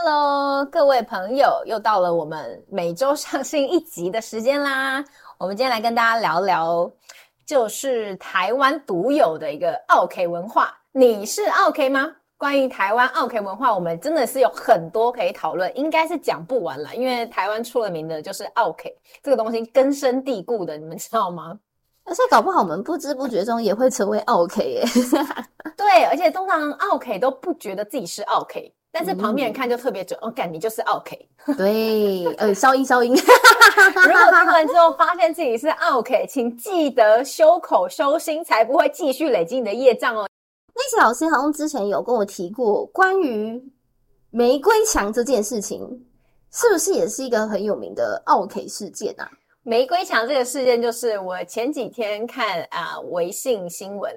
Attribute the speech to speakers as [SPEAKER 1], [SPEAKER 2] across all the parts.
[SPEAKER 1] Hello，各位朋友，又到了我們每周上新一集的時間啦。我們今天來跟大家聊聊，就是台灣獨有的一個奧客文化。你是奧客嗎？關於台灣奧客文化，我們真的是有很多可以討論，應該是講不完了。因為台灣出了名的就是奧客這個東西根深蒂固的，你們知道嗎？而且搞不好我們不知
[SPEAKER 2] 不覺中也會成為奧客耶、欸。
[SPEAKER 1] 對，而且通常奧客都不覺得自己是奧客。但是旁邊人看就特別準，我感覺就是奧客。
[SPEAKER 2] 對，呃，消音消音。
[SPEAKER 1] 如果聽完之後發現自己是奧客，請記得修口修
[SPEAKER 2] 心，才不會繼續累積你的業障哦。那些老師好像之前有跟我提過關於玫瑰牆這件事情，是不是也是一個很有名的奧客事件啊？
[SPEAKER 1] 玫瑰牆這個事件，就是我前幾天看啊，呃，微信新聞，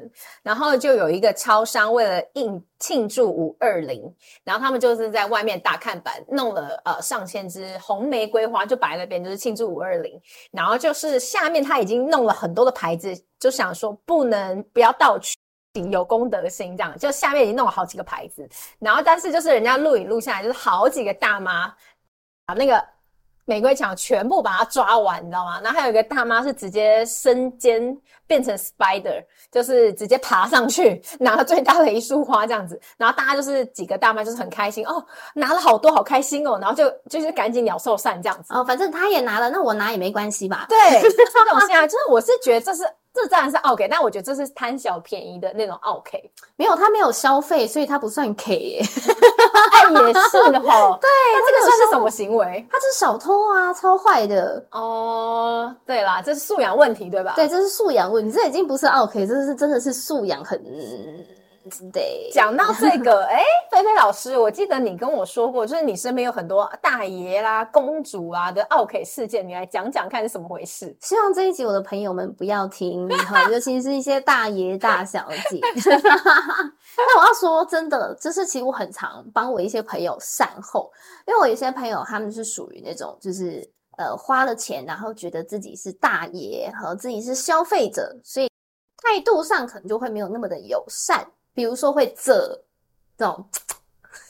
[SPEAKER 1] 然後就有一個超商為了應慶祝五二零，然後他們就是在外面大看板弄了呃上千支紅玫瑰花，就擺在那邊就是慶祝五二零，然後就是下面他已經弄了很多的牌子，就想說不能不要盜取有公德心這樣，就下面已經弄了好幾個牌子，然後但是就是人家錄影錄下來，就是好幾個大媽把，啊，那個。玫瑰牆全部把它抓完，你知道嗎？然後還有一個大媽是直接身煎變成 spider，就是直接爬上去拿了最大的一束花這樣子。然後大家就是幾個大媽就是很開心哦，拿了好多，好開心哦。然後就就是趕緊鳥獸散這樣子。哦，反正他也拿了，那我拿也沒關係吧？對，
[SPEAKER 2] 沒關係啊。就是我是覺得這是。這當
[SPEAKER 1] 然是奧客，但我覺得這是貪小便宜的那種奧客。
[SPEAKER 2] 沒有，他沒有消費，所以他不算客。哎 、
[SPEAKER 1] 欸，也是哈。 對， 這個算是什麼
[SPEAKER 2] 行為？他是小偷啊，超壞的哦。Uh, 對啦，這是素養問題，對吧？對，這是素養問題。你這已經不是奧客，這是真的是素養很。講到這個，誒
[SPEAKER 1] 菲菲老師，我記得你跟我說過，就是你身邊有很多大爺啦、公主啊的奧客
[SPEAKER 2] 事件，你來講講看是什麼回事？希望這一集我的朋友們不要聽哈，尤其是一些大爺大小姐。那 我要說真的，就是其實我很常幫我一些朋友善後，因為我有些朋友他們是屬於那種就是呃花了錢，然後覺得自己是大爺和自己是消費者，所以態度上可能就會沒有那麼的友善。比如說會這，這種、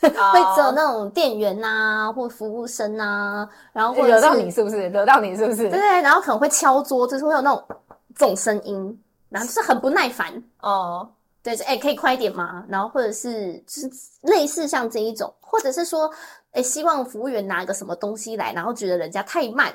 [SPEAKER 2] oh. 會惹那種店員吶或服務生吶、啊，然後會惹到你是不是？惹到你是不是？對對，然後可能會敲桌子，就是、會有那種這種聲音，然後就是很不耐煩哦。Oh. 對，哎、欸，可以快一點嗎？然後或者是就是類似像這一種，或者是說，哎、欸，希望服務員拿個什麼東西來，然後覺得人家太慢。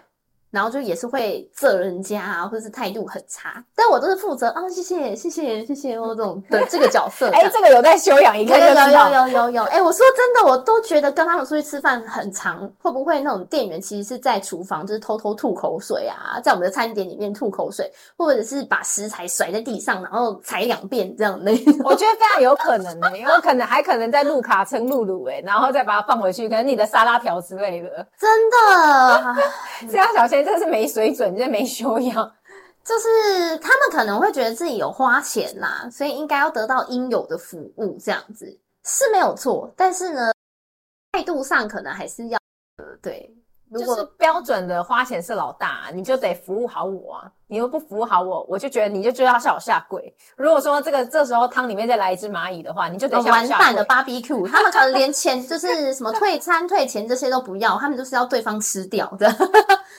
[SPEAKER 2] 然後就也是會責人家啊，或者是態度很差，但我都是負責啊、哦，謝謝謝謝謝謝、哦、這種，的這個角色。哎、 欸，這個有在修養一個有有，有有有有有。哎、欸，我說真的，我都覺得跟他們出去吃飯很長，會不會那種店員其實是在廚房就是偷偷吐口水啊，在我們的餐點裡面吐口水，或者是把食材甩在地上，然後踩兩遍這樣的？ 我覺得非常有可能的、欸，因為可能還可能在路卡稱
[SPEAKER 1] 露露哎、欸，然後再把它放回去，可能你的沙拉條之類的。真的，
[SPEAKER 2] 這 樣小心。但是沒水準，就是沒修養。就是他們可能會覺得自己有花錢啦，所以應該要得到應有的服務，這樣子是沒有錯。但是呢，態度上可能還是要呃對。如果，就是標準的花
[SPEAKER 1] 錢是老大，啊，你就得服務好我啊！你又不服務好我，我就覺得你就得要向我下跪。
[SPEAKER 2] 如果說這個這時候湯裡面再來一隻螞蟻的話，你就得下下完蛋的 BBQ， 他們可能連錢就是什麼退餐 退錢這些都不要，他們就是要對方吃掉的。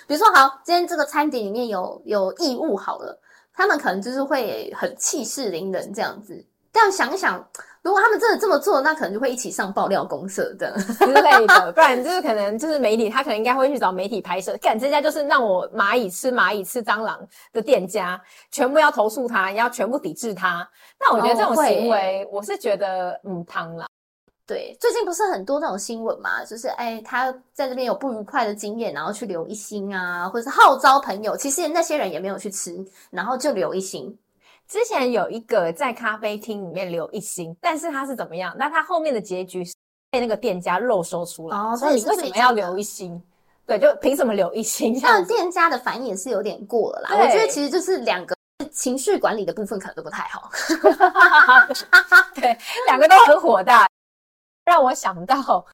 [SPEAKER 2] 比如說好，今天這個餐點裡面有有異物好了，他們可能就是會很氣勢凌人這樣子。這樣想一想。如果他們真的這麼做，那可能就會一起上爆料公社這樣之類的，不然就是可能就是媒體，他可能應該會去找媒體拍攝。感覺這
[SPEAKER 1] 家就是讓我螞蟻吃螞蟻吃蟑螂的店家，全部要投訴他，要全部抵制他。那我覺得這種行為，哦欸、我是覺得嗯，螳螂
[SPEAKER 2] 對，最近不是很多這種新聞嘛，就是誒、欸、他在這邊有不愉快的經驗，然後去留一星啊，或者是號召朋友，其實那些人也沒有去吃，然後就留一星。之前有一個在咖啡廳裡面留一星、嗯，但是他是怎麼樣？那他後面的結局是
[SPEAKER 1] 被那個店家肉搜出來哦。所以你為什麼要留一星？對，就憑什麼留一星？那
[SPEAKER 2] 店家的反應也是有點過了啦。我覺得其實就是兩個情緒管理的部分可能都不太好。
[SPEAKER 1] 對，
[SPEAKER 2] 兩個都很火大。讓我
[SPEAKER 1] 想到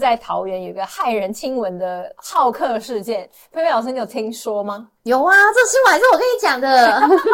[SPEAKER 1] 在桃園有一個駭人聽聞的奧客事件，佩佩老
[SPEAKER 2] 師，你有聽說嗎？有啊，這新聞還是我跟你講的。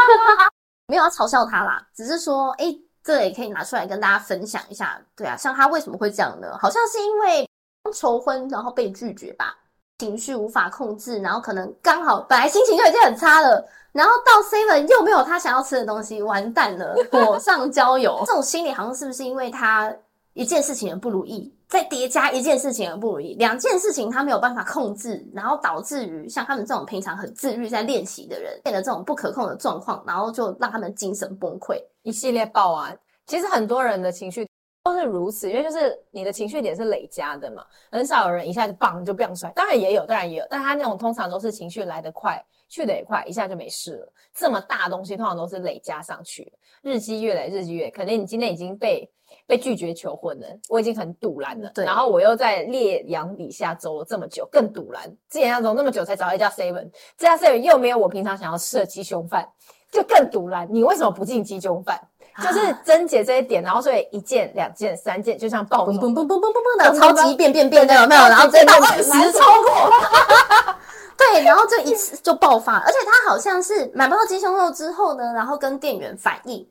[SPEAKER 2] 沒有要嘲笑他啦，只是說，哎，這也可以拿出來跟大家分享一下。對啊，像他為什麼會這樣呢？好像是因為求婚然後被拒絕吧，情緒無法控制，然後可能剛好本來心情就已經很差了，然後到 seven 又沒有他想要吃的東西，完蛋了，火上澆油。 這種心理好像是不是因為他一件事情的不如意？再疊加一件事情而不如意，兩件事情他沒有辦法控制，然後導致於像他們這種平常很自律在練習的人，變得這種不可控的狀況，然後就讓他們精神崩潰，一系列爆啊！其實很多人的情緒都是如此，因為就是你的情
[SPEAKER 1] 緒點是累加的嘛，很少有人一下子棒就變出來，當然也有，當然也有，但他那種通常都是情緒來得快，去得也快，一下就沒事了。這麼大的東西通常都是累加上去，日積月累，日積月，肯定你今天已經被。被拒絕求婚了，我已經很賭爛了。對，然後我又在烈陽底下走了這麼久，更賭爛。之前要走那麼久才找到一家 seven，這家 seven 又沒有我平常想要吃的雞胸飯，就更賭爛。你為什麼不進雞胸飯？啊、就是針解這一點，然後所以一件、兩件、三件就這樣爆嘣嘣嘣嘣
[SPEAKER 2] 嘣嘣的，超級變變變有沒有？然後直接二十超過。對，然後就一次就爆發，而且他好像是買不到雞胸肉之後呢，然後跟店員反映。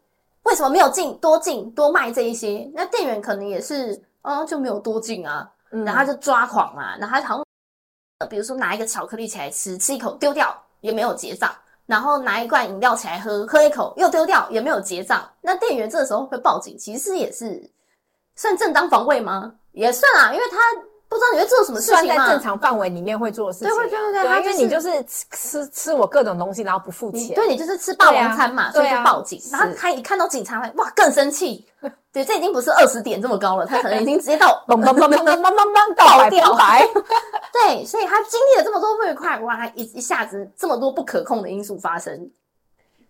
[SPEAKER 2] 為什麼沒有進多進多賣這一些？那店員可能也是啊，就沒有多進啊，嗯，然後就抓狂嘛，然後他好像比如說拿一個巧克力起來吃，吃一口丟掉也沒有結賬，然後拿一罐飲料起來喝，喝一口又丟掉也沒有結賬，那店員這個時候會報警，其實也是算正當防衛嗎？也算啊，因為他。不知道你會做什麼事情嗎？算在正常範圍裡面會做的事情、啊。對，對，對，對，對，他、就是、因為你就是吃吃我各種東西，然後不付錢。對，你就是吃霸王餐嘛，啊、所以就報警。啊、然後他一看到警察來，哇，更生氣。對，這已經不是二十點這麼高了， 他可能已經直接到砰砰砰砰砰砰砰爆掉。 倒掉 對，所以他經歷了這麼多不愉快，哇，一一下子這麼多不可控的因素發生。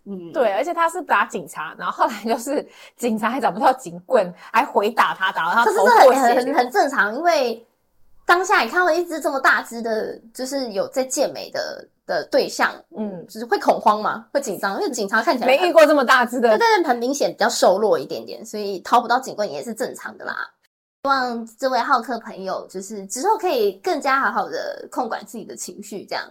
[SPEAKER 2] 嗯，對，而且他是打
[SPEAKER 1] 警察，然後後來就是警察還找不到警棍，還回打他，打到他頭這是很 很很，很
[SPEAKER 2] 正常，因為。當下你看到一隻這麼大隻的，就是有在健美的的對象，嗯，就是會恐慌嗎？會緊張？因為警察看起來沒遇過這麼大隻的，他當然很明顯比較瘦弱一點點，所以掏不到警棍也是正常的啦。希望這位奧客朋友就是之後可以更加好好的控管自己的情緒，這樣。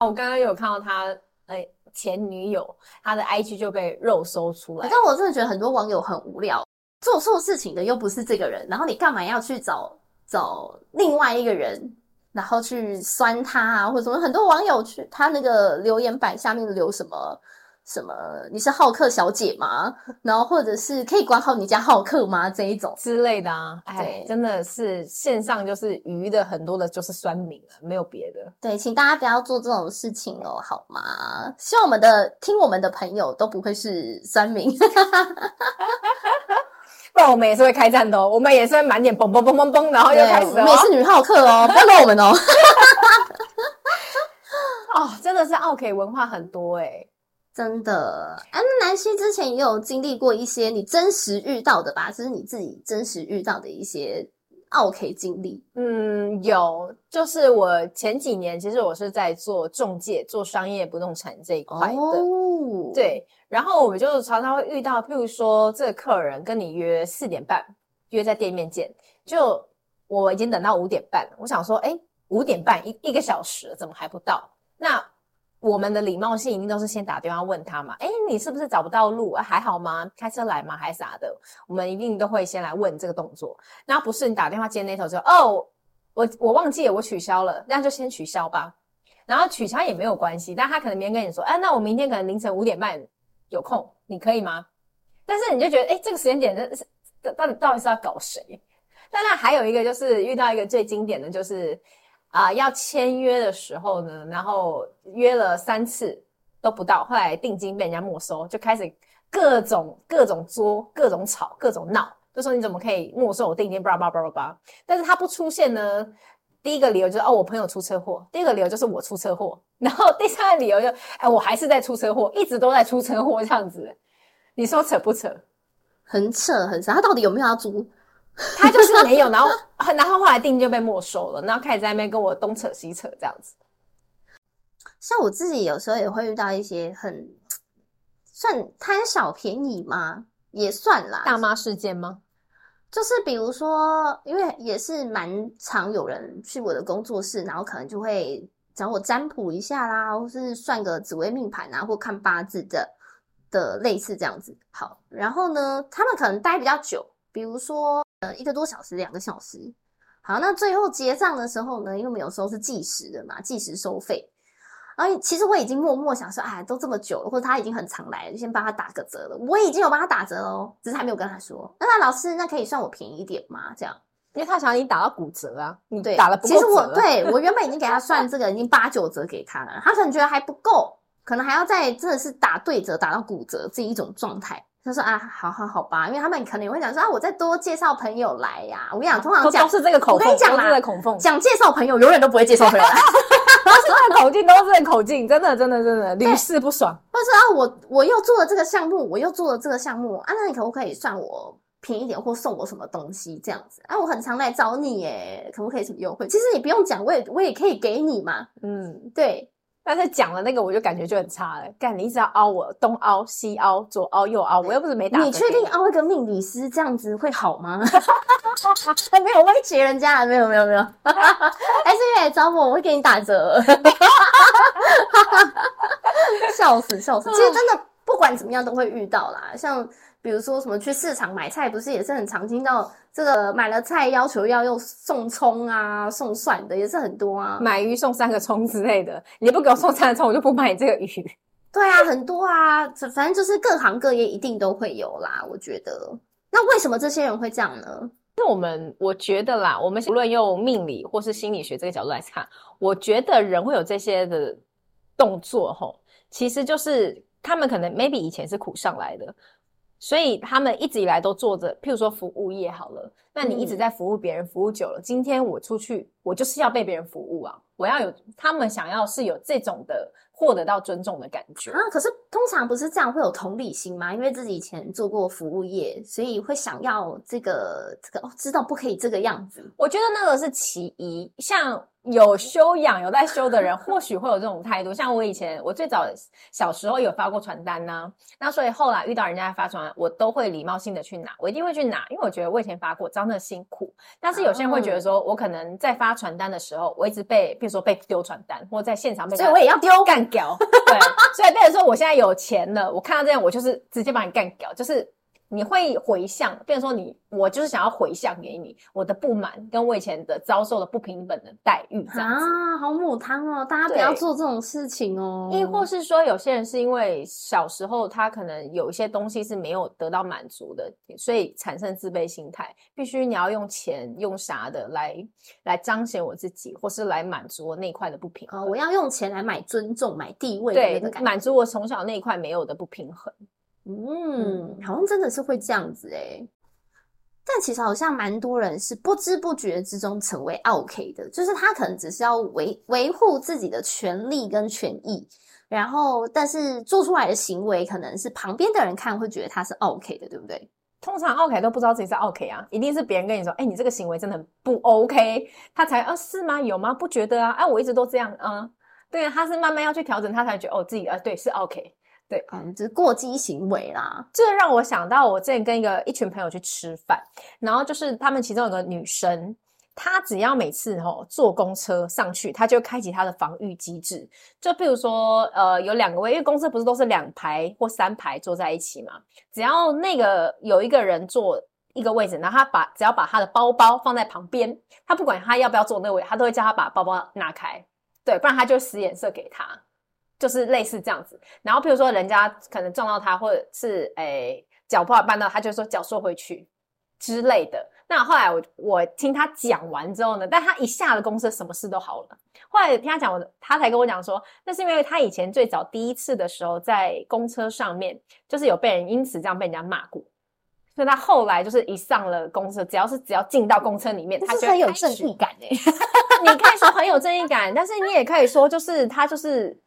[SPEAKER 2] 我剛剛有看到他，哎，前女友他的 IG 就被肉搜出來，但我真的覺得很多網友很無聊，做錯事情的又不是這個人，然後你幹嘛要去找？找另外一個人，然後去酸他啊，或者什麼很多網友去他那個留言板下面留什麼什麼，你是奧客小姐嗎？然後或者是可以管好你家奧客嗎？這一種之類的啊，對，哎、真的是線上就是魚的很多的就是酸民沒有別的。對，請大家不要做這種事情哦，好嗎？希望我們的聽我們的朋友都不會是酸民。 不然我們也是會開戰的哦，我們也是會滿臉嘣
[SPEAKER 1] 嘣嘣嘣嘣，然後又開始了、哦。每次女浩克
[SPEAKER 2] 哦，碰 到我們哦。哈哈哦，真的是奧客文化很多哎、欸，真的。哎、啊，那南希之前也有經歷過一些你真實遇到的吧？就是你自己真實遇到的一些。o 我可以經歷。嗯，有，就是我前幾年其實我是在
[SPEAKER 1] 做中介，做商業不動產這一塊的。哦、oh.，對，然後我們就常常會遇到，譬如說這個客人跟你約四點半，約在店面見，就我已經等到五點半了，我想說，誒、欸、五點半一一個小時，怎麼還不到？那我們的禮貌性一定都是先打電話問他嘛，誒、欸、你是不是找不到路？還好嗎？開車來嗎？還是啥的？我們一定都會先來問這個動作。然後不是你打電話接那頭說，哦，我我忘記了，我取消了，那就先取消吧。然後取消也沒有關係，但他可能明天跟你說，誒、欸、那我明天可能凌晨五點半有空，你可以嗎？但是你就覺得，誒、欸、這個時間點是，到底到底是要搞誰？當然還有一個就是遇到一個最經典的就是。啊、呃，要簽約的時候呢，然後約了三次都不到，後來定金被人家沒收，就開始各種各種作、各種吵、各種鬧，就說你怎麼可以沒收我定金？巴拉巴拉巴拉巴拉。但是他不出現呢，第一個理由就是哦，我朋友出車禍，第二個理由就是我出車禍，然後第三個理由就是，哎我還是在出車禍，一直都在出車禍這樣子，你說扯不扯？很扯很扯，他到底有沒有要租？ 他就是沒有，然後，然後後來定金就被沒收了，然後開始在那邊跟我東扯西扯這樣子。
[SPEAKER 2] 像我自己有時候也會遇到一些很算貪小便宜嗎？也算啦。大媽事件嗎？就是比如說，因為也是蠻常有人去我的工作室，然後可能就會找我占卜一下啦，或是算個紫微命盤啊，或看八字的的類似這樣子。好，然後呢，他們可能待比較久，比如說。呃，一個多小時，兩個小時。好，那最後結賬的時候呢？因為我們有時候是計時的嘛，計時收費。而且其實我已經默默想說，哎，都這麼久了，或者他已經很常來了，就先幫他打個折了。我已經有幫他打折嘍，只是還沒有跟他說。那他老師，那可以算我便宜一點嗎？這樣，因為他想已經打到骨折啊。嗯，對，打了。其實我對我原本已經給他算這個已經八九折給他了，他可能覺得還不夠，可能還要再真的是打對折，打到骨折這一種狀態。他、就是、說啊，好好好吧，因為他們可能也會講說啊，我再多介紹朋友來呀、啊。我跟你講，通常講、啊、都是這個口風，都是這個口風，講介紹朋友永遠都不會介紹朋友來 都是口徑，都是這口
[SPEAKER 1] 徑，都是這口徑，真的，真的，真的屢試不爽。
[SPEAKER 2] 或、就是說啊，我我又做了這個項目，我又做了這個項目啊，那你可不可以算我便宜點，或送我什麼東西這樣子？啊，我很常來找你耶、欸，可不可以什麼優惠？其實你不用講，我也我也可以給你嘛。嗯，對。
[SPEAKER 1] 但是講了那個，我就感覺就很差了，幹，你一直要凹我，東凹西凹，左凹
[SPEAKER 2] 右凹，我又不是沒打你。你確定凹一個命理師這樣子會好嗎？ 還沒有威脅人家沒有沒有沒有。還、 欸、是因為來找我，我會給你打折。笑，， 笑死笑死，其實真的。 不管怎麼樣都會遇到啦，像比如說什麼去市場買菜，不是也是很常聽到這個、呃、買了菜要求要用送蔥啊送蒜的也是很多啊，買魚送三個蔥之類的，你不給我送三個蔥我就不買這個魚。 對啊，很多啊，反正就是各行各業一定都會有啦，我覺得。那為什麼這些人會這樣呢？
[SPEAKER 1] 那我們我覺得啦，我們無論用命理或是心理學這個角度來看，我覺得人會有這些的動作吼，其實就是。他們可能 maybe 以前是苦上來的，所以他們一直以來都做着，譬如說服務業好了，那你一直在服務別人，嗯、服務久了，今天我出去，我就是要被別人服務啊，我要有，他們想要是
[SPEAKER 2] 有這種的。獲得到尊重的感覺。啊，可是通常不是這樣會有同理心嗎？因為自己以前做過服務業，所以會想要這個這個哦，知道不可以這個樣子。嗯、我覺得那個是其一，像有修養、有在修的人， 或許
[SPEAKER 1] 會有這種態度。像我以前，我最早小時候有發過傳單呢、啊，那所以後來遇到人家在發傳單，我都會禮貌性的去拿，我一定會去拿，因為我覺得我以前發過，真的辛苦。但是有些人會覺得說、嗯，我可能在發傳單的時候，我一直被，比如說被丟傳單，或在現場被丟，所以我也要丟干。感 對，所以別人說我現在有錢了，我看到這樣，我就是直接把你幹掉，就是。你會回向，變成說你我就是想要回向給你我的不滿，跟我以前的遭受的不平等的待遇這樣
[SPEAKER 2] 啊。好母湯哦，大家不要做
[SPEAKER 1] 這種事情哦。亦或是說，有些人是因為小時候他可能有一些東西是沒有得到滿足的，所以產生自卑心態，必須你要用錢用啥的來來彰顯我自己，或是來滿足我那塊的不平衡。衡、哦、我要用錢來買尊重、買地位，對，滿足我從小那一塊沒有的不平衡。
[SPEAKER 2] 嗯，好像真的是會這樣子哎、欸，但其實好像蠻多人是不知不覺之中成為奧客的，就是他可能只是要維維護自己的權利跟權益，然後但是做出來的行為可能是旁邊的人看會覺得他是奧客的，對不對？通常奧客都不知道自己是奧客啊，一定是別人跟你說，哎、欸，你這個行為真
[SPEAKER 1] 的很不 OK，他才啊，是嗎？有嗎？不覺得啊？哎、啊，我一直都這樣啊、嗯，對啊，他是慢慢要去調整，他才覺得哦自己啊對是奧客。對，嗯，就
[SPEAKER 2] 是過激行為啦。
[SPEAKER 1] 這讓我想到，我之前跟一個一群朋友去吃飯，然後就是他們其中有一個女生，她只要每次吼、哦、坐公車上去，她就開啟她的防禦機制。就比如說，呃，有兩個位，因為公車不是都是兩排或三排坐在一起嘛，只要那個有一個人坐一個位置，然後她把只要把她的包包放在旁邊，她不管她要不要坐那位，她都會叫她把包包拿開。對，不然她就使眼色給她。就是類似這樣子，然後譬如說人家可能撞到他，或者是誒腳、欸、不好絆到他，他就說腳縮回去之類的。那後來我我聽他講完之後呢，但他一下了公車，什麼事都好了。後來聽他講，他才跟我講說，那是因為他以前最早第一次的時候在公車上面，就是有被人因此這樣被人家罵過，所以他後來就是一上了公車，只要是只要進到公車裡面，嗯、他就會是很有正義感誒、欸、 你可以說很有正義感， 但是你也可以說就是他就是。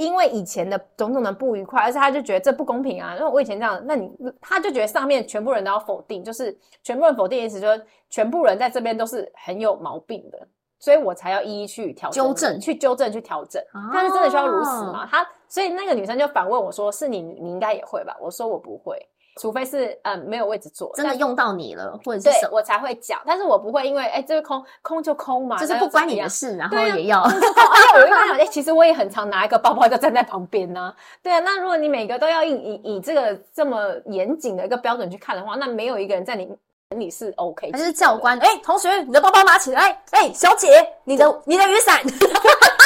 [SPEAKER 1] 因為以前的種種的不愉快，而且他就覺得這不公平啊！那我以前這樣，那你，他就覺得上面全部人都要否定，就是全部人否定，意思就是全部人在這邊都是很有毛病的，所以我才要一一去調整、糾正，去糾正、去調整。但是真的需要如此嗎？哦，他，所以那個女生就反問我說：“是你，你應該也會吧？”我說：“我不
[SPEAKER 2] 會。”除非是嗯沒有位置坐，真的用到你了，或者是什麼，對，我才會講。
[SPEAKER 1] 但是我不會，因為哎、欸，這個空空就空嘛，就是不關你的
[SPEAKER 2] 事，然後也要、啊。哎
[SPEAKER 1] 欸，我一發現，哎、欸，其實我也很常拿一個包包就站在旁邊呢、啊。對啊，那如果你每個都要以以以這個這麼嚴謹的一個標準去看的話，那沒有一個人在你眼裡是 OK。還是教官，哎、欸，同學，你的包包拿起來。哎、欸，小姐，你的你的雨傘。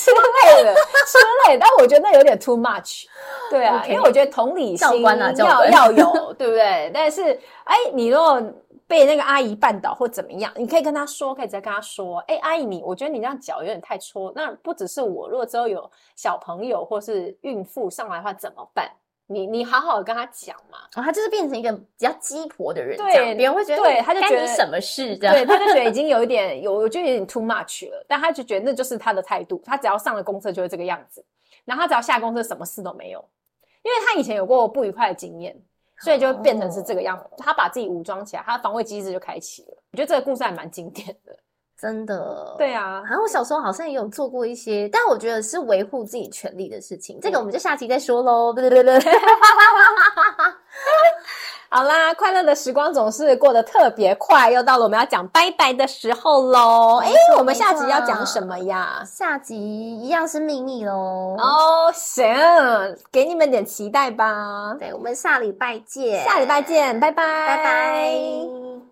[SPEAKER 1] 說累的，說累，但我覺得那有點 too much。對啊，okay, 因為我覺得同理心要、啊、要有，對不對？但是，哎、欸，你如果被那個阿姨絆倒或怎麼樣，你可以跟她說，可以再跟她說，哎、欸，阿姨，你我覺得你這樣腳有點太戳。那不只是我，如果之後有小朋友或是孕婦上來的話，怎麼辦？你你好好的跟他講嘛，然
[SPEAKER 2] 後、哦、他就是變成一個比較雞婆的人，對，別人會覺得，對，他就覺得什麼事這樣，對，他就覺得已經有
[SPEAKER 1] 一點有，就有點 too much 了， 但他就覺得那就是他的態度，他只要上了公廁就會這個樣子，然後他只要下公廁什麼事都沒有，因為他以前有過不愉快的經驗，所以就變成是這個樣子，Oh. 他把自己武裝起來，他的防衛機制就開啟了，我覺得這個故事還蠻經典的。
[SPEAKER 2] 真的，對啊，然後我小時候好像也有做過一些，但我覺得是維護自己權利的事情，這個我們就下期再說嘍，對對對對。好啦，快樂的時光總是過得特別快，又到了
[SPEAKER 1] 我們要講拜拜的時候嘍。哎、欸，我們下集要講什麼呀？下集一樣是秘密嘍。哦、oh,，行，給你們點期待吧。對，我們下禮拜見。下禮拜見，拜拜，拜拜。